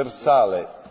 universale